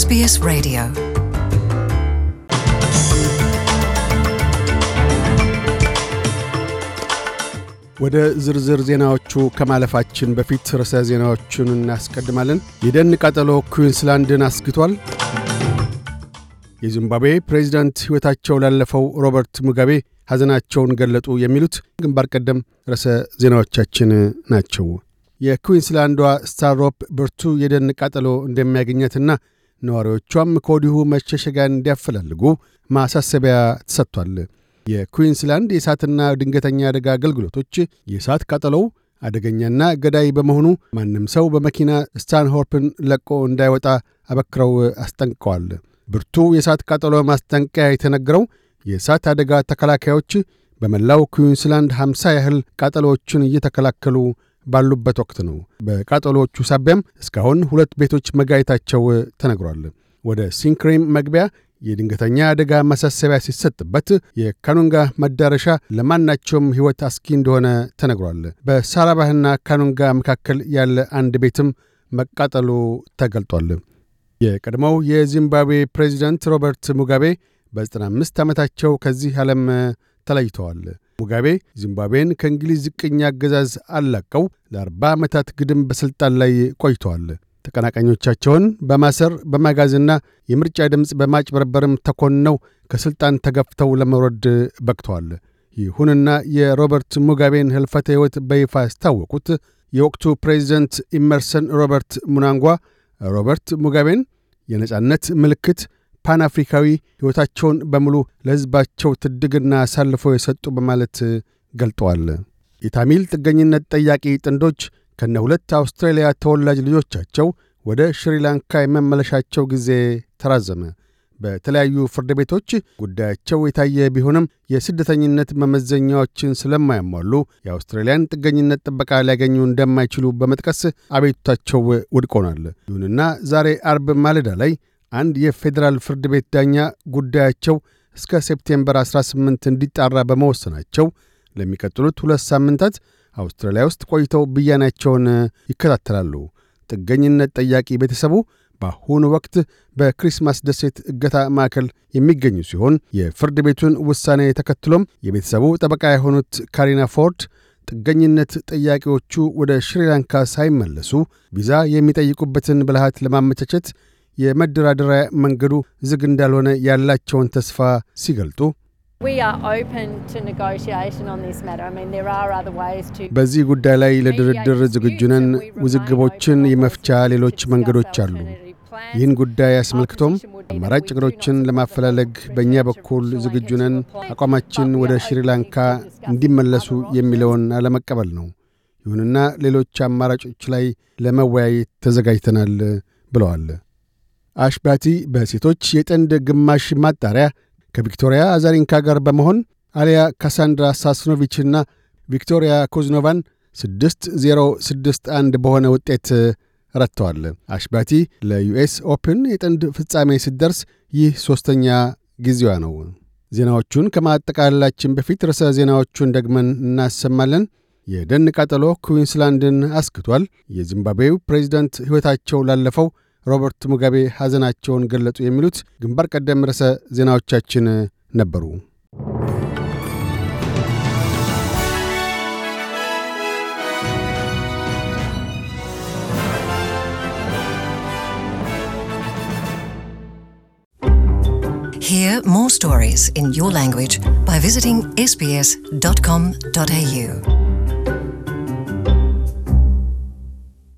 SBS Radio. ወደ ዝርዝር ዜናዎቹ ከማለፋችን በፊት ርዕሰ ዜናዎቹን እናስቀድማለን። የደን ቃጠሎ ኩዊንስላንድን አስግቷል። የዚምባብዌ ፕሬዚዳንት ሕይወታቸው ላለፈው ሮበርት ሙጋቤ ሐዘናቸውን ገለጡ። የሚሉት ግንባር ቀደም ርዕሰ ዜናዎቻችን ናቸው። የኩዊንስላንዷ ስታሮፕ ብርቱ የደን ቃጠሎ እንደሚያገኛትና ነዋሪዎቿም ከወዲሁ መሸሸጋ እንዲያፈላልጉ ማሳሰቢያ ተሰጥቷል። የኩዊንስላንድ የእሳትና ድንገተኛ አደጋ አገልግሎቶች የእሳት ቃጠሎው አደገኛና ገዳይ በመሆኑ ማንም ሰው በመኪና ስታንሆርፕን ለቆ እንዳይወጣ አበክረው አስጠንቅቀዋል። ብርቱ የእሳት ቃጠሎ ማስጠንቀያ የተነገረው የእሳት አደጋ ተከላካዮች በመላው ኩዊንስላንድ 50 ያህል ቃጠሎዎችን እየተከላከሉ ባሉበት ወቅት ነው። በቃጠሎዎቹ ሳቢያም እስካሁን ሁለት ቤቶች መጋየታቸው ተነግሯል። ወደ ሲንክሬም መግቢያ የድንገተኛ አደጋ ማሳሰቢያ ሲሰጥበት የካኑንጋ መዳረሻ ለማናቸውም ሕይወት አስጊ እንደሆነ ተነግሯል። በሳራባህና ካኑንጋ መካከል ያለ አንድ ቤትም መቃጠሉ ተገልጧል። የቀድሞው የዚምባብዌ ፕሬዚዳንት ሮበርት ሙጋቤ በ95 ዓመታቸው ከዚህ ዓለም ተለይተዋል። ሙጋቤ ዚምባብዌን ከእንግሊዝ ዝቅኛ አገዛዝ አላቀው ለአርባ ዓመታት ግድም በሥልጣን ላይ ቆይተዋል። ተቀናቃኞቻቸውን በማሰር በማጋዝና የምርጫ ድምፅ በማጭበርበርም ተኮንነው ከሥልጣን ተገፍተው ለመውረድ በቅተዋል። ይሁንና የሮበርት ሙጋቤን ህልፈተ ሕይወት በይፋ ያስታወቁት የወቅቱ ፕሬዚደንት ኢመርሰን ሮበርት ሙናንጓ ሮበርት ሙጋቤን የነጻነት ምልክት ፓን አፍሪካዊ ሕይወታቸውን በሙሉ ለሕዝባቸው ትድግና አሳልፈው የሰጡ በማለት ገልጠዋል። የታሚል ጥገኝነት ጠያቂ ጥንዶች ከነ ሁለት አውስትራሊያ ተወላጅ ልጆቻቸው ወደ ሽሪላንካ የመመለሻቸው ጊዜ ተራዘመ። በተለያዩ ፍርድ ቤቶች ጉዳያቸው የታየ ቢሆንም የስደተኝነት መመዘኛዎችን ስለማያሟሉ የአውስትራሊያን ጥገኝነት ጥበቃ ሊያገኙ እንደማይችሉ በመጥቀስ አቤቱታቸው ውድቅ ይሁንና ዛሬ አርብ ማለዳ ላይ አንድ የፌዴራል ፍርድ ቤት ዳኛ ጉዳያቸው እስከ ሴፕቴምበር 18 እንዲጣራ በመወሰናቸው ለሚቀጥሉት ሁለት ሳምንታት አውስትራሊያ ውስጥ ቆይተው ብያናቸውን ይከታተላሉ። ጥገኝነት ጠያቂ ቤተሰቡ በአሁኑ ወቅት በክሪስማስ ደሴት እገታ ማዕከል የሚገኙ ሲሆን የፍርድ ቤቱን ውሳኔ ተከትሎም የቤተሰቡ ጠበቃ የሆኑት ካሪና ፎርድ ጥገኝነት ጠያቂዎቹ ወደ ሽሪላንካ ሳይመለሱ ቪዛ የሚጠይቁበትን ብልሃት ለማመቻቸት የመደራደሪያ መንገዱ ዝግ እንዳልሆነ ያላቸውን ተስፋ ሲገልጡ በዚህ ጉዳይ ላይ ለድርድር ዝግጁ ነን። ውዝግቦችን የመፍቻ ሌሎች መንገዶች አሉ። ይህን ጉዳይ አስመልክቶም አማራጭ ችግሮችን ለማፈላለግ በእኛ በኩል ዝግጁ ነን። አቋማችን ወደ ሽሪላንካ እንዲመለሱ የሚለውን አለመቀበል ነው። ይሁንና ሌሎች አማራጮች ላይ ለመወያየት ተዘጋጅተናል ብለዋል። አሽባቲ በሴቶች የጥንድ ግማሽ ማጣሪያ ከቪክቶሪያ አዛሪንካ ጋር በመሆን አሊያ ካሳንድራ ሳስኖቪችና ቪክቶሪያ ኩዝኖቫን 6 በሆነ ውጤት ረጥተዋል። አሽባቲ ለዩኤስ ኦፕን የጥንድ ፍጻሜ ስትደርስ ይህ ሦስተኛ ጊዜዋ ነው። ዜናዎቹን ከማጠቃለላችን በፊት ርዕሰ ዜናዎቹን ደግመን እናሰማለን። የደን ቃጠሎ ኩዊንስላንድን አስክቷል። የዚምባብዌው ፕሬዚደንት ሕይወታቸው ላለፈው ሮበርት ሙጋቤ ሐዘናቸውን ገለጹ። የሚሉት ግንባር ቀደም ርዕሰ ዜናዎቻችን ነበሩ። Hear more stories in your language by visiting sbs.com.au.